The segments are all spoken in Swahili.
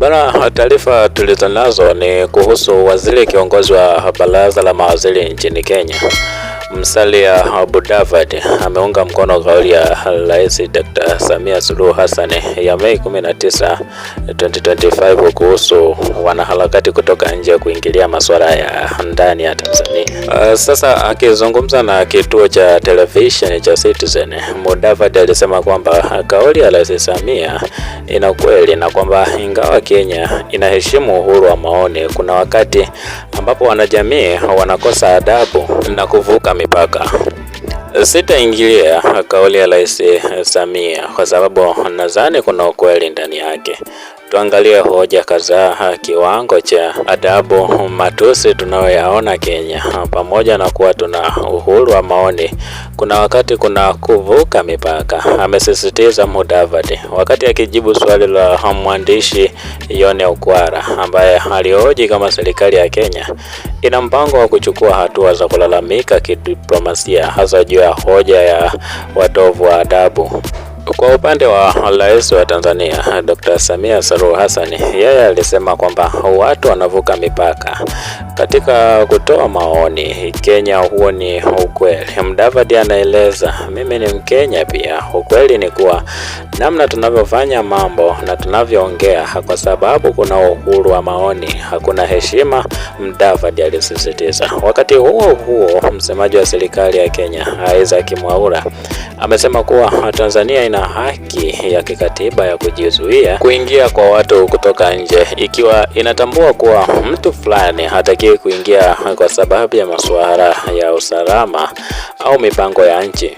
Bana, taarifa tulizonazo ni kuhusu waziri kiongozi wa baraza la mawaziri nchini Kenya Musalia Mudavadi ameunga mkono kauli ya Rais Dr. Samia Suluhu Hassan ya Mei 19, 2025 kuhusu wanaharakati kutoka nje ya kuingilia masuala ya ndani ya Tanzania. Uh, sasa akizungumza na kituo cha televisheni cha Citizen, Mudavadi alisema kwamba kauli ya Rais Samia ina kweli na kwamba ingawa Kenya inaheshimu uhuru wa maoni, kuna wakati ambapo wanajamii wanakosa adabu na kuvuka mipaka. Sitaingilia kauli ya Rais Samia kwa sababu nadhani kuna ukweli ndani yake, Tuangalie hoja kadhaa, kiwango cha adabu, matusi tunayoyaona Kenya. Pamoja na kuwa tuna uhuru wa maoni, kuna wakati kuna kuvuka mipaka, amesisitiza Mudavadi wakati akijibu swali la mwandishi Yone Ukwara ambaye alioji kama serikali ya Kenya ina mpango wa kuchukua hatua za kulalamika kidiplomasia, hasa juu ya hoja ya watovu wa adabu. Kwa upande wa rais wa Tanzania Dr. Samia Suluhu Hassan, yeye alisema kwamba watu wanavuka mipaka katika kutoa maoni. Kenya, huo ni ukweli. Mdavadi anaeleza, mimi ni Mkenya pia. Ukweli ni kuwa namna tunavyofanya mambo na tunavyoongea, kwa sababu kuna uhuru wa maoni, hakuna heshima, Mdavadi alisisitiza. Wakati huo huo, msemaji wa serikali ya Kenya Isaac Mwaura amesema kuwa Tanzania ina haki ya kikatiba ya kujizuia kuingia kwa watu kutoka nje, ikiwa inatambua kuwa mtu fulani hatakiwi kuingia kwa sababu ya masuala ya usalama au mipango ya nchi.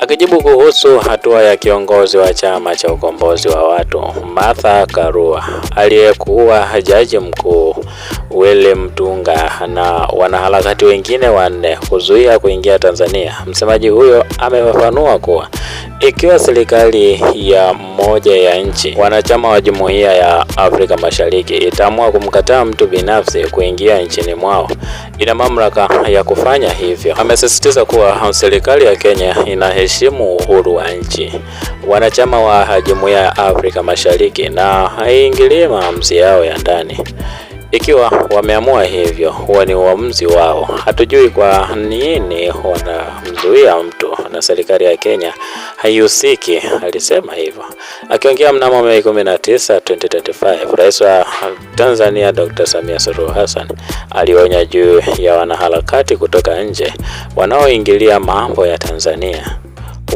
Akijibu kuhusu hatua ya kiongozi wa Chama cha Ukombozi wa Watu Martha Karua aliyekuwa jaji mkuu wele mtunga na wanaharakati wengine wanne kuzuia kuingia Tanzania. Msemaji huyo amefafanua kuwa ikiwa serikali ya moja ya nchi wanachama wa Jumuiya ya Afrika Mashariki itaamua kumkataa mtu binafsi kuingia nchini mwao, ina mamlaka ya kufanya hivyo. Amesisitiza kuwa serikali ya Kenya inaheshimu uhuru wa nchi wanachama wa Jumuiya ya Afrika Mashariki na haiingilii maamuzi yao ya ndani. Ikiwa wameamua hivyo, huwa ni uamuzi wao. Hatujui kwa nini wanamzuia mtu, na serikali ya Kenya haihusiki, alisema hivyo. Akiongea mnamo Mei 19, 2025, Rais wa Tanzania Dr. Samia Suluhu Hassan alionya juu ya wanaharakati kutoka nje wanaoingilia mambo ya Tanzania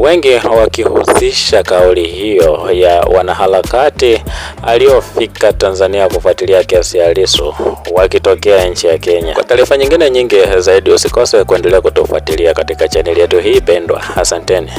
wengi wakihusisha kauli hiyo ya wanaharakati aliofika Tanzania kufuatilia kesi ya Lissu wakitokea nchi ya Kenya. Kwa taarifa nyingine nyingi zaidi, usikose kuendelea kutufuatilia katika chaneli yetu hii pendwa. Asanteni.